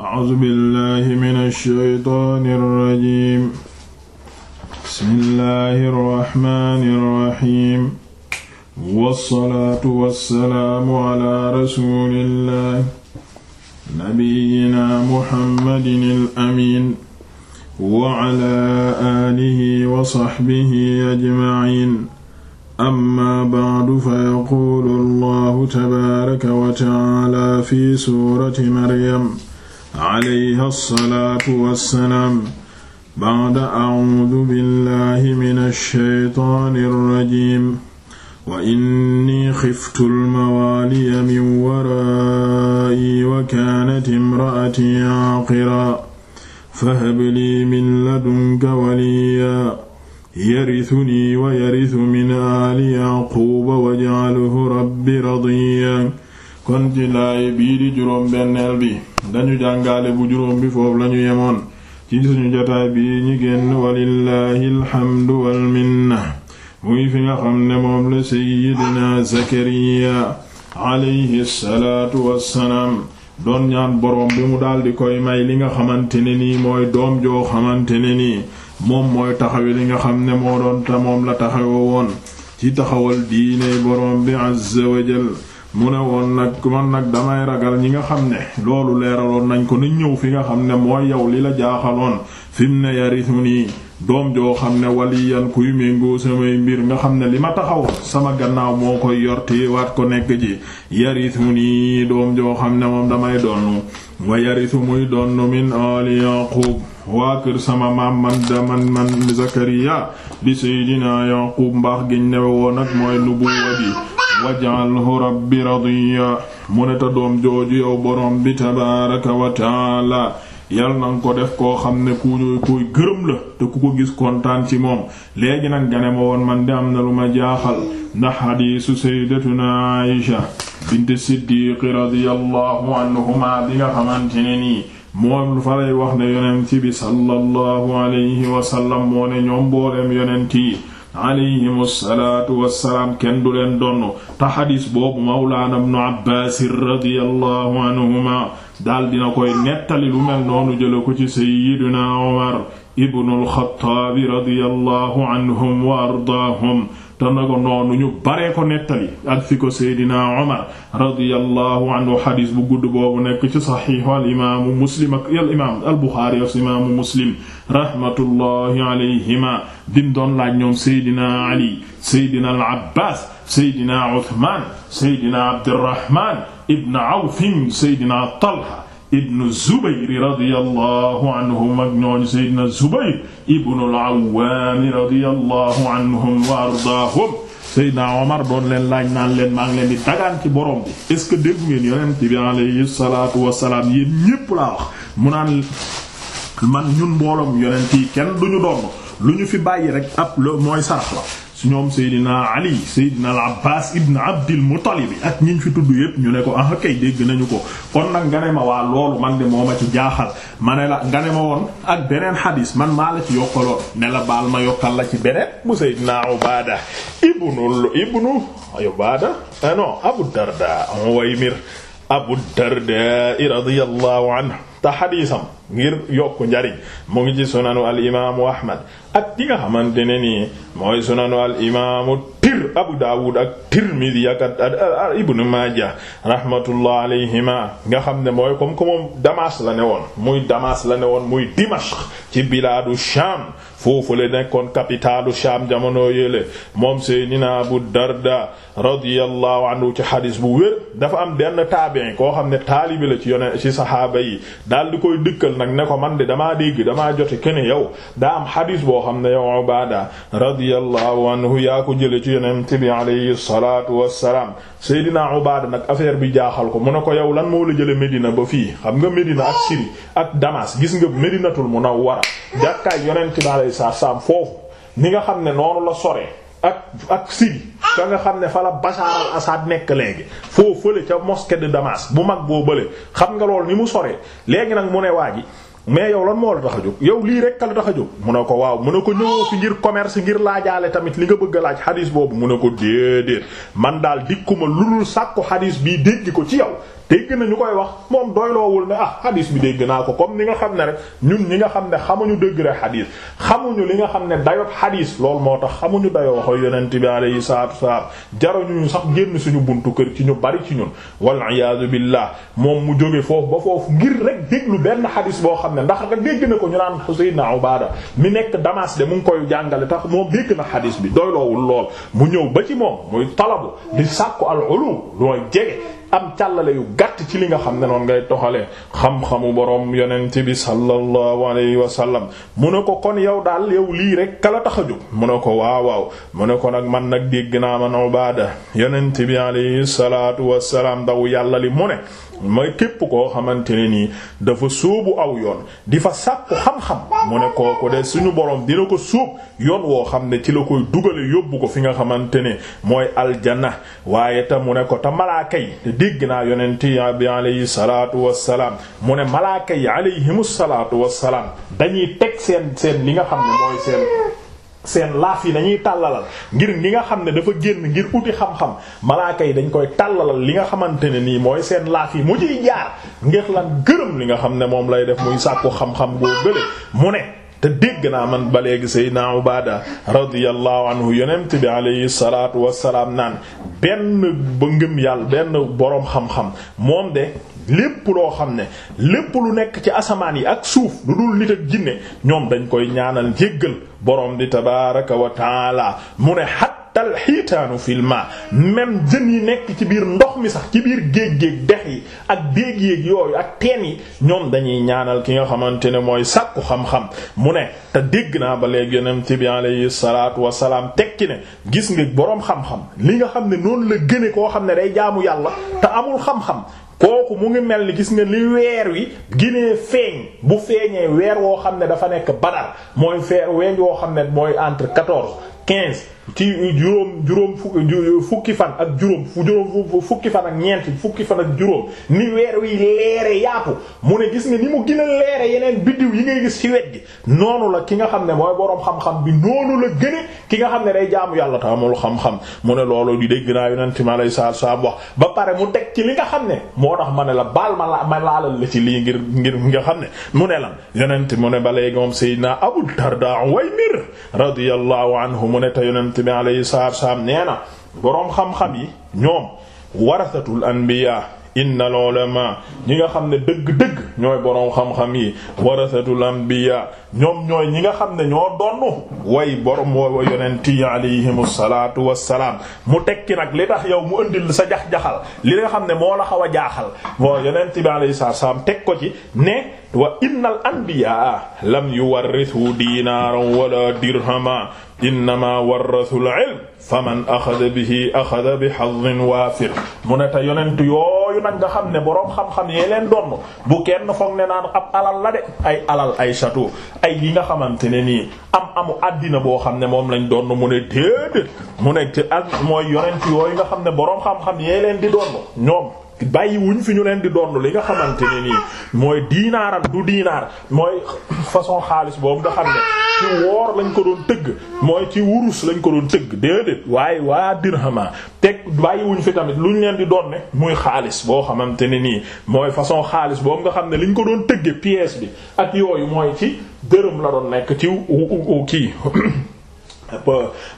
أعوذ بالله من الشيطان الرجيم بسم الله الرحمن الرحيم والصلاة والسلام على رسول الله نبينا محمد الأمين وعلى آله وصحبه أجمعين أما بعد فيقول الله تبارك وتعالى في سورة مريم alayhi alsalatu wassalaam ba'da a'uudu billahi mina shaytaani rajiim wa inni xiftu almawaaliya min waraa'i wa kaanat imra'atii aaqiran fahab lii min ladunka waliyyan yarisunii wa yarisu min aali yaquuba waj'alhu rabbi radiyyan kon ci laay bii di juróom benneel bi dañu jàngaale bu juróom bi foofu lañu yemoon ci suñu jotaay bii ñi génn walillahi alhamdu wal muy fi nga xam ne moom la seyyidina Zakariya alayhi salaatu wassalaam doon ñaan boroom bi mu daldi koy may li nga xamante ne nii mooy doom joo xamante ne nii moom mooy taxawe li nga xam ne moo doon ta la taxawe woon ci taxawal diine boroom bi azza wa mu ne woon nag man nag damay ragal ñi nga xam ne loolu leeraloon nañ ko nañ ñëw fi nga xam ne mooy yow li la jaaxaloon fi mu ne yarisu nii doom joo xam ne waliyan kuy méngoo samay mbir nga xam ne li ma taxaw sama gannaaw moo koy yor téewaat ko nekk ji yarisu nii doom joo xam ne moom damay donnu wa yarisu muy donnu min ali yaqub waa kër sama maam man da man man zakariya bi sayidina yaqub mbaax giñ newe woon ak mooy nubuwa yi waj'alhu rabbi radiya mu ne ta doom jooju yow boroom bi tabaaraka wa taala yal na ko def koo xam ne ku ñuy gërëm la te ku ko gis kontaan ci moom léegi nag nga ne ma man de am na lu ma jaaxal ndax xadiisu sayyidatuna Aisha bint Siddiq radiyallahu anhuma bi nga xamante ne nii moom lu fa lay wax ne yonent bi sallallahu alayhi wa sallam moo ne ñoom booleem yonent yi alayhim salaatu wassalaam kenn du leen donn te xadis boobu mawlaana ibnu abbaas radiyallahu anhuma daal dina koy nettali lu mel noonu jëla ko ci sayyidina umar ibnu alxattaabi radiyallahu anhum wa ardaahum te na ko ñu baree nettali ak fi ko seydina Umar radiyallahu anhu xadiis bu gudd boobu nekk ci saxiixu al imaamu muslim ak al imaam al buxaari muslim rahmatullahi alayhima dim doon laaj ñoom seydina Ali seydina al Abbaas seydina Usmaan seydina Abdurrahmaan ibn Awf seydina Talha ibnu zubayri radiyallahu anhum ak ñooñu seydina zubayr ibnu al-awwaami radiyallahu anhum wa ardaahum seydina omar doon leen laaj naan leen maa ngi leen di tagaan ci borom bi est ce que dégg ngeen yonent bi alayhi salaatu wasalaam yéen ñépp laa wax mu naan man ñun mbooloom yonent yi kenn duñu doon lu ñu fi bàyyi rek ab lo mooy sarax la ñoom Seydina Ali Seydina al-Abbaas ibn Abdil Muttalib ak ñiñ fi tudd yépp ñu ne ko ah kay dégg nañu ko kon nag nga ne ma waa loolu man de moo ci jaaxal ma ne la nga ma woon ak beneen xadiis man maa la ci yokkaloon ne la baal ma yokkal la ci beneen bu Seydina Ubaada ibnu ibnu Ubaada ah, non Abu Darda Uwaymir Abu Darda radiyallahu anhu ta xadiisam ngir yokk njariñ mu ngi ci sunanu al imaamu ahmad ak yi nga xamante ne nii mooy sunanu al imaamu tir abu daawud ak tirmidi ak ibnu maaja rahmatullah alayhima nga xam ne mooy comme que moom damas la ne woon muy damas la ne woon muy dimashq ci bilaadu sham foofu le nekkoon capitalu Sham jamono yéele moom Seydina Abu Darda radiyallahu anhu ci xadis bu wér dafa am benn taabin koo xam ne taalibi la ci yone ci saxaaba yi daal di koy dikkal nag ne ko man de damaa dégg damaa jote kene yow daa am xadis boo xam ne yow Ubaada radiyallahu anhu yaa ko jële ci yonent bi alayhi salaatu wassalaam Seydina Ubaada nag affaire bi jaaxal ko mu ne ko yow lan moo la jële Medina ba fi xam nga Medina ak Syrie ak Damas gis nga Medinatul Munawwara jàkkaay yonent alayhi salaam foofu ni nga xam ne noonu la sore ak ak Syrie ka nga xam ne fa la Bachar al-Assad nekk léegi foo fële ca mosquée de Damas bu mag boo bële xam nga lool ni mu soree léegi nag mu ne waa ji mais yow lan moo la tax a jóg yow lii rek la tax a jóg mu ne ko waaw mu ne ko ñëwoo fi ngir commerce ngir laajaale tamit li nga bëgg a laaj xadis boobu mu ne ko déedéet man daal dikkuma lu dul sàkku xadis bi dégg ko ci yow dégg na ñu koy wax moom doyloowul ne ah hadis bi dégg naa ko comme ni nga xam ne rek ñun ñi nga xam ne xamuñu dëgg rek hadis xamuñu li nga xam ne dayob hadis loolu moo tax xamuñu dayoo waxo yonent bi alayhi salaatu wasalaam jaroñuñu sax génn suñu buntu kër ci ñu bari ci ñun wal iyaadu billah moom mu jóge foofu ba foofu ngir rek déglu benn hadis boo xam ne ndax nga dégg na ko ñu naan Seydina Ubaada mi nekk Damas de mu ngi koy jàngale tax moom dégg na hadis bi doyloowul lool mu ñëw ba ci moom muy talabu di sàkku al ulu looy jege am càllale yu gàtt ci li nga xam ne noonu ngay toxalee xam-xamu boroom yonent bi sallallahu alayhi wa sallam mu ne ko kon yow daal yow lii rek kala tax a jóg mu ne ko waaw waaw mu ne ko nag man nag dégg naa man Ubaada yonent bi alayhi salaatu wa salaam yàlla li mu ne mooy képp koo xamante ne nii dafa sóobu aw yoon di fa sàkku xam-xam mu ne kooku de suñu borom dina ko sóob yoon woo xam ne ci la koy dugale yóbbu ko fi nga xamante ne mooy aljanna waaye te mu ne ko te malaaka yi te dégg naa yonent bi alayhi salaatu wassalaam mu ne malaaka yi alayhimu salaatu wassalaam dañuy teg seen seen li nga xam ne mooy seen seen laaf yi dañuy tàllalal ngir ngi nga xam ne dafa génn ngir uti xam-xam malaaka yi dañ koy tàllalal li nga xamante ne nii mooy seen laaf yi mu ciy jaar ngir lan gërëm li nga xam ne moom lay def muy sàkku xam-xam boo gële mu ne te dégg naa man ba léegi Seydina Ubaada radiyallahu anhu yonent bi alayhi salaatu wassalaam naan benn ba ngëm yàlla benn boroom xam-xam moom de lépp loo xam ne lépp lu nekk ci asamaan yi ak suuf lu dul nit ak ñoom dañ koy ñaanal jéggal boroom di tabaaraka wa mu ne kal xiitaanu fil ma même jën yi nekk ci biir ndox mi sax ci biir géej géeg dex yi ak béeg yéeg yooyu ak teen yi ñoom dañuy ñaanal ki nga xamante ne mooy sàkku xam-xam mu ne te dégg naa ba léegi yonent bi alayhi salaatu wasalaam tekki ne gis nga boroom xam-xam li nga xam ne noonu la gëne koo xam ne day jaamu yàlla te amul xam-xam kooku mu ngi mel ni gis nga li weer wi ginee feeñ bu feeñee weer woo xam ne dafa nekk badar mooy feer weeñ woo xam ne mooy entre quatorze ci juróom juróom fukki fan ak juróom fu fukki fan ak ñeenti fukki fan ak juróom ni weer wi leere yaatu mu ne gis nga ni mu gën a leere yeneen biddiw yi ngay gis ci wet gi noonu la ki nga xam ne mooy boroom xam-xam bi noonu la gëne ki nga xam ne day jaamu yàlla ta amul xam-xam mu ne loolu di dégg naa yonent mi alayhi salaam ba pare mu teg ci li nga xam ne moo tax ma ne la baal ma la ma laalal la ci lii ngir ngir nga xam ne mu ne lan yonent mu ne ba léegi moom Seydina Abu Darda Uwaymir radiyallahu anhu mu ne te yonent yonent bi alayhi salaatu wa salaam nee na boroom xam-xam yi ñoom warasatul anbiyaa innal ulama ñi nga xam ne dëgg-dëgg ñooy boroom xam-xam yi warasatul anbiya ñoom ñooy ñi nga xam ne ñoo donnu way borom woowa yonent yi alayhimu salaatu wassalaam mu tekki nag li tax yow mu ëndil sa jax-jaxal li nga xam ne moo la xaw a jaaxal moo yonent bi alayhi salaam teg ko ci ne wa innal anbiya lam yuwarrisu diinaaran wala dirhama innama warrasul ilm faman axada bihi axada bi hazzin waafir mu ne te yonent yoo yooyu nag nga xam ne boroom xam-xam yee leen donn bu kenn foog ne naan ab alal la de ay alal ay château ay yi nga xamante ne nii am amu àddina boo xam ne moom lañ donn mu ne déedéet mu nekk ci ak mooy yonent yooyu nga xam ne boroom xam-xam yee leen di donn ñoom bàyyiwuñ fi ñu leen di donn li nga xamante ne nii mooy diinaaran du diinaar mooy façon xaalis boobu nga xam ne ci woor lañ ko doon tëgg mooy ci wurus lañ ko doon tëgg déedéet waaye waa dirhama teg bàyyiwuñ fi tamit ñu leen di doon ne muy xaalis boo xamante ne nii mooy façon xaalis boobu nga xam ne liñ ko doon tëgge pièce bi ak yooyu mooy ci dërëm la doon nekk ci kii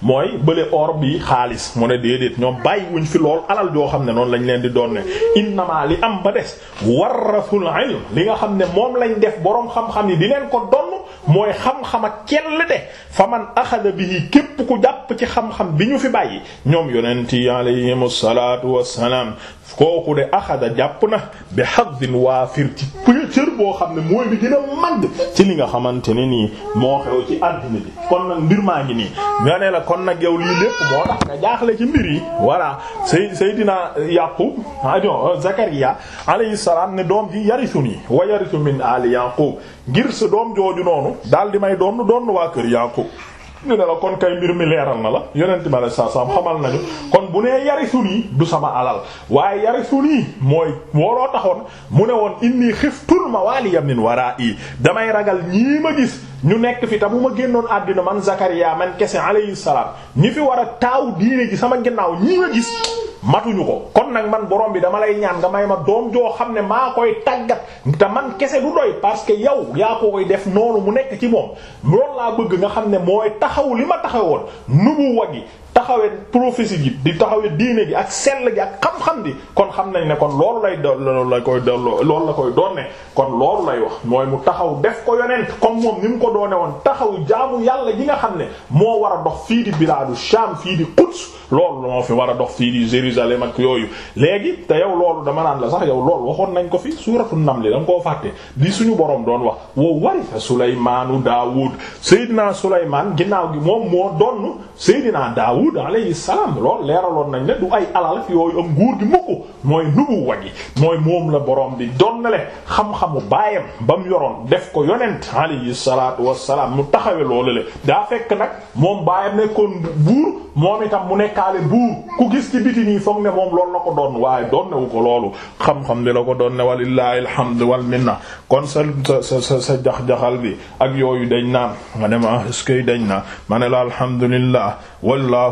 mooy bële oor bii xaalis mu ne déedéet ñoom bàyyi wuñ fi lool alal joo xam ne noonu lañ leen di doon ne innama li am ba des warasul ilm li nga xam ne moom lañ def boroom xam-xam yi di leen ko donn mooy xam-xam ak kell de fa man axada bihi képp ku jàpp ci xam-xam bi ñu fi bàyyi ñoom yonent yi alayhimu salaatu wassalaam kooku de axada jàpp na bi haddin waafir ci puñu cër boo xam ne mooy bi gën a màgg ci li nga xamante ne nii moo xew ci àddina bi kon nag mbir maa ngi nii nga ne la kon nag yow lii lépp moo tax ci mbir yi voilà say Seydina Yaqub ajo ah, euh, Zakariya alayhi salaam ne doom ji yarisu nii wa yarisu min ali Yaqub ngir sa doom jooju noonu daal di may doon doon waa kër Yaqub ñu ne la kon kay mbir mi leeral na la yonent ma la saa saam xamal nañu kon bu nee yari yarisuni du sama alal waaye yarisuni mooy wooloo taxoon mu ne woon inni xiftul mawaaliya min waraa'i damay ragal ñii ma gis ñu nekk fi ta bu ma génnoon àddina man Zakaria man kese alayhi salaam ñi fi war a taaw diine ji sama ginnaaw ñii ma gis matuñu ko kon nag man borom bi dama lay ñaan nga may ma doom joo xam ne maa koy tàggat te man kese du doy parce que yow yaa ko koy def noonu mu nekk ci moom loolu laa bëgg nga xam ne mooy taxaw li ma taxawoon nu mu yi taxawee prophétie gi di taxawee diine gi ak sell gi ak xam-xam di kon xam nañ ne kon loolu lay do loolu la koy delloo loolu koy doon kon loolu lay wax mooy mu taxaw def ko yonent comme moom ni mu ko doone woon taxaw jaamu yàlla gi nga xam ne moo war dox fii di bilaadu fii di Quds moo fi war a dox fii di yooyu léegi te yow loolu dama naan la sax yow loolu waxoon nañ ko fi suuratu Naml da nga koo fàtte di suñu borom doon wax woo warisa Sulaymaanu Daawud Seydina Sulaymaan ginnaaw gi moom moo doon Seydina Daawud Daawud alayhi salaam loolu leeraloon nañ ne du ay alal ak yooyu am nguur gi mukk mooy nubu wagi mooy moom la borom di donnale xam-xamu baayam ba mu yoroon def ko yonent alayhi salaatu wassalaam mu taxawe loolu le daa fekk nag moom baayam nekkoon buur moom itam mu nekkaale buur ku gis ci biti nii foog ne moom loolu la ko doon waaye donnewu ko loolu xam-xam bi la ko doon ne walillahi alhamdu wal minna kon sa sa sa sa jax-jaxal bi ak yooyu dañ naa ma ne ma askay dañ na ma ne la alhamdulillah wallahu